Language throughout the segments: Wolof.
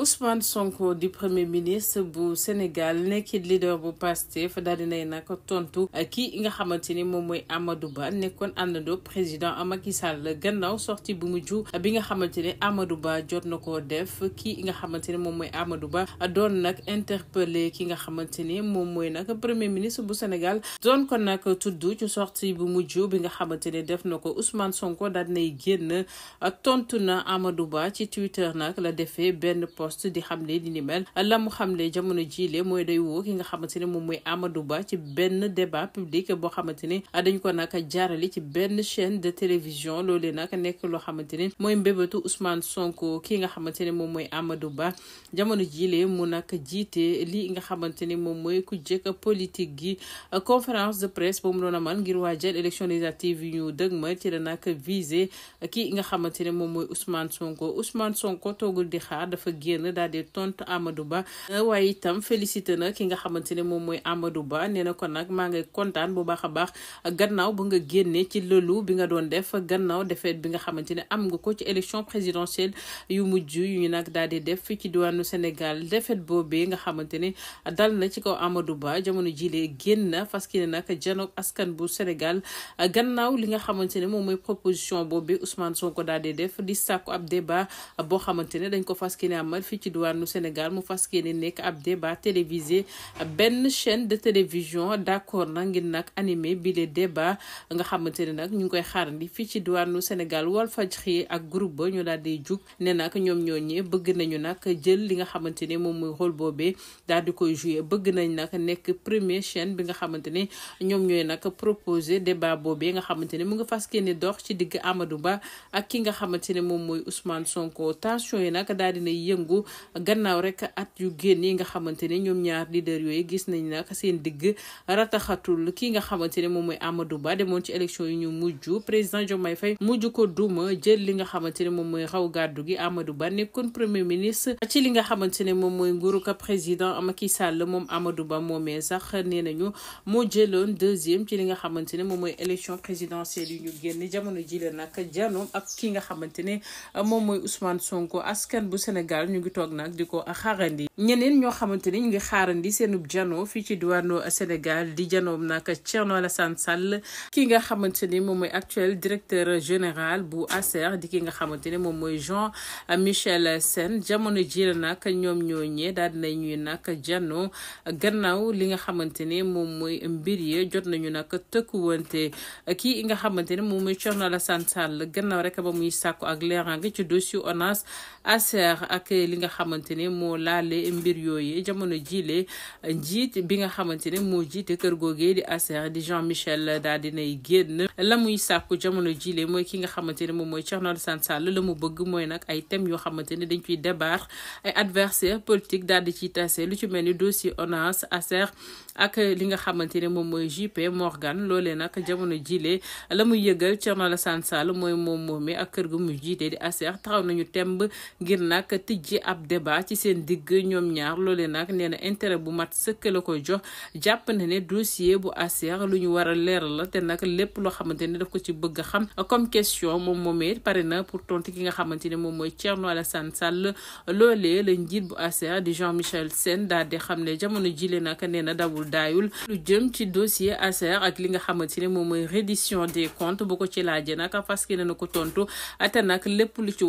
Ousmane Sonko di premier ministre bu Sénégal nekkit leader bu Pastef daal dinay nag tontu eh, kii nga xamante ni moom mooy Amadou Ba nekkoon àndandoo président Macky Sall gannaaw sorti bu mujj bi nga xamante ne Amadou Ba jot na koo def kii nga xamante ne moom mooy Amadou Ba doon nag interpellé ki nga xamante ni moom mooy nag premier ministre bu Sénégal doon ko nag tudd ci sorti bu mujj bi nga xamante ne def na ko Ousmane Sonko daal dinay génn tontu na Amadou Ba ci Twitter nag la defee benn post post di xamle li ni mel la mu xamle jamono jiile mooy day woo ki nga xamante ne moom mooy Amadou Ba ci benn débat public boo xamante ne dañ ko nag jaarale ci benn chaîne de télévision loolee nag nekk loo xamante ne mooy mbébétu Ousmane Sonko ki nga xamante ne moom mooy Amadou Ba jamono jii jiile mu nag jiite lii nga xamante ne moom mooy ku jëkk politique gi conférence de presse ba mu doon amal ngir waajal élection législative yu ñu dëgmal ci la nag visé ki nga xamante ne moom mooy Ousmane Sonko la daal di tontu amadu Ba euh, waaye itam félicité nag ki nga xamante ne moom mooy Amadou Ba nee na ko nag maa ngi kontaan bu baax a baax gannaaw ba nga génnee ci lëlu bi nga doon def gannaaw defeet bi nga xamante ne am nga ko ci élection présidentielle yu mujj yu ñu nag daal di def fii ci diwaanu Sénégal defeet boobee nga xamante ne dal na ci kaw Amadou Ba jamono jilee génn na fas yéene nag janoog askan bu Sénégal gannaaw li nga xamante ne moom mooy proposition boobu Ousmane Sonko daal di def di sàkku ab débat boo xamante ne dañ ko fas amal fii ci diwaanu Sénégal mu fas yéene nekk ab débat télévisé benn chaine de télévision d'accord na ngir nag animé bi les débat nga xamante ne nag ñu ngi koy xaarandi fii ci diwaanu Sénégal Walfadjri ak groupe ba ñu daal di jug ne nag ñoom ñooñee bëgg nañu nag jël li nga xamante ne moom mooy rôle boobee daal di koy joué bëgg nañ nag nekk premier chaine bi nga xamante ne ñoom ñooy nag proposé débat boobee nga xamante ne mu nga fas yéene dox ci digg Amadou Ba ak ki nga xamante ne moom mooy Ousmane Sonko tension yi nag daal dina yëngu boobu gannaaw rek at yu génn yi nga xamante ne ñoom ñaar leader yooyu gis nañ nag seen digg rataxatul ki nga xamante ne moom mooy Amadou Ba demoon ci élection yi ñu mujj président Diomaye Faye mujj ko duma jël li nga xamante ne moom mooy raw gàddu gi Amadou Ba nekkoon premier ministre ci li nga xamante ne moom mooy nguuru président Macky Sall moom Amadou Ba moomee sax nee nañu moo jëloon deuxième ci li nga xamante ne moom mooy élection présidentielle yu ñu génn jamono ji la nag janoom ak ki nga xamante ne moom mooy Ousmane Sonko askan bu Sénégal ñu ngi toog nag di ko xaarandi ñeneen ñoo xamante ni ñu ngi xaarandi seenub jano fii ci diwaanu Sénégal di janoom nag Thierno Alassane Sall ki nga xamante ni moom mooy actuel directeur général bu ASER di ki nga xamante ni moom mooy Jean Michel sen jamono ji nag ñoom ñoo ñee daal di nañuy nag jano gannaaw li nga xamante ni moom mooy mbir yi jot nañu nag tëkkuwante kii nga xamante ni moom mooy Thierno Alassane Sall gannaaw rek ba muy sàkku ak leeraange ci dossier ONAS ASER li nga xamante ne moo laale mbir yooyee jamono jiile jiit bi nga xamante ne moo jiite kër googee di ACR di Jean Michel daal dinay génn la muy sàkku jamono jiile mooy ki nga xamante ne moom mooy Thierno Alassane Sall la mu bëgg mooy nag ay thèmes yoo xamante ne dañ ciy débat ay adversaires politiques daal di ciy tase lu ci mel ni dossier ONAS ACR ak li nga xamante ne moom mooy JP Morgan loole nag jamono jiile la muy yëgal Thierno Alassane mooy moom moomee ak kër gu mu jiite di ACR taxaw nañu temb ngir nag tijji ci ab débat ci seen digg ñoom ñaar loole nag nee na bu mat sëkk la koy jox jàpp na ne dossier bu ACR lu ñu war a la te nag lépp loo xamante ne daf ko ci bëgg a xam comme question moom moomee pare na pour tontu ki nga xamante ne moom mooy Thierno Alassane Sall loolee la njiit bu ACR di Jean Michel Sène daal di xam ne jamono jile nag nee na dawul daayul lu jëm ci dossier ACR ak li nga xamante ne moom mooy reddition des comptes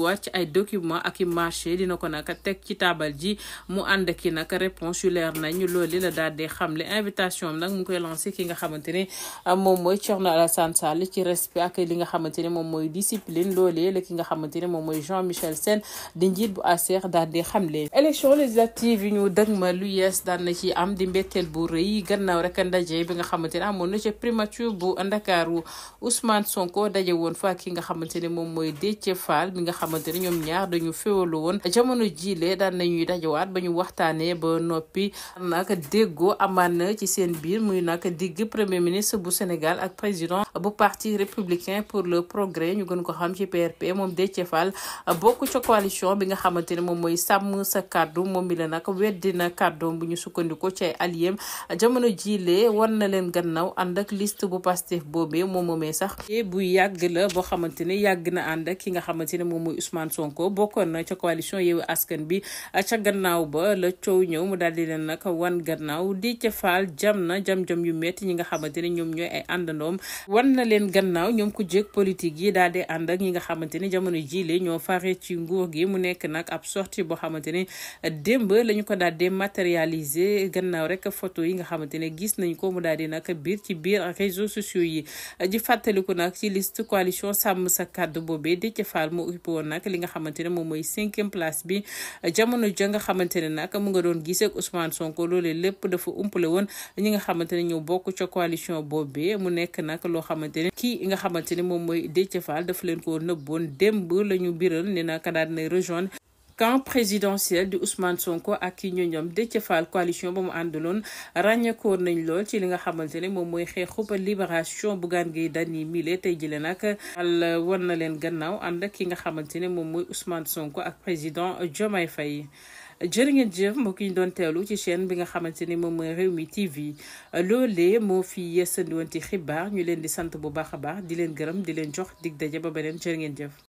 ci ay documents ak i marché dina ko nag nag teg ci taabal ji mu ànd ki nag réponse yu leer nañ loolu la daal di xamle invitation am nag mu ngi koy lancé ki nga xamante ne ah, moom mooy Thierno Alassane Sall ci respect li nga xamante ne moom mooy discipline loolee la ki nga xamante ne moom mooy Jean Michel Sène di njiit bu ACR e daal di xamle. élection législative yi ñu ma lu yees daan na ci am di mbetteel bu rëy gannaaw rek ndaje bi nga xamante ne am amoon na ci primature bu Ndakaaru Ousmane Sonko daje woon fa ki nga xamante ne moom mooy Déthié Fall bi nga xamante ne ñoom ñaar jiile daan nañuy dajawaat ba ñu waxtaanee ba noppi nag déggoo amaan na ci seen biir muy nag digg premier ministre bu Sénégal ak président bu parti républicain pour le progrès ñu gën ko xam ci PRP moom Déthié Fall bokk ca coalition bi nga xamante ne moom mooy sàmm sa kàddu moom mi la nag weddi na kàddoom bu ñu sukkandikoo ci ay alliés jamono jiile war na leen gannaaw ànd ak liste bu Pastef boobee moom moomee sax bu yàgg la boo xamante yàgg na ànd ki nga askan bi ca gannaaw ba la coow ñëw mu daal di leen nag wan gannaaw di ca faal jam na jam-jam yu metti ñi nga xamante ne ñoom ñooy ay àndandoom wan na leen gannaaw ñoom ku jég politique yi daal di ànd ak ñi nga xamante ni jamono jile ñoo fare ci nguur gi mu nekk nag ab sortie boo xamante ni démb la ñu ko daal di matérialiser gannaaw rek photo yi nga xamante ne gis nañ ko mu daal di nag biir ci biir réseaux sociaux yi di fàttaliku nag ci liste coalition sàmm sa kàddu boobee Déthié Fall moo ubbi nag li nga xamante ne moom mooy cinquième place bi jamono ja nga xamante ne nak mu nga doon gisee ak Ousmane Sonko loolee lépp dafa umpale woon ñi nga xamante ne ñoo bokk ca coalition boobee mu nekk nag loo xamante ne kii nga xamante ne moom mooy Déthié Fall dafa leen ko nëbboon démb la ñu biral ne nag daal di rejoindre camp présidentiel di Ousmane Sonko ak yi ñoñom Déthié Fall coalition ba mu àndaloon ràññeekoon nañ lool ci li nga xamante ne moom mooy xeexub libération Bougane Gueye Dany mile tey jëlee nag al war na leen gannaaw ànd ak ki nga xamante ne moom mooy Ousmane Sonko ak président Diomaye fay jërë ngeen jëf mbokk yi ñu doon teelu ci chaîne bi nga xamante ne moom mooy réew Rewmi TV loolee moo fi yeesandi woon ci xibaar ñu leen di sant bu baax a baax di leen gërëm di leen jox dig daje ba beneen jërë ngeen jëf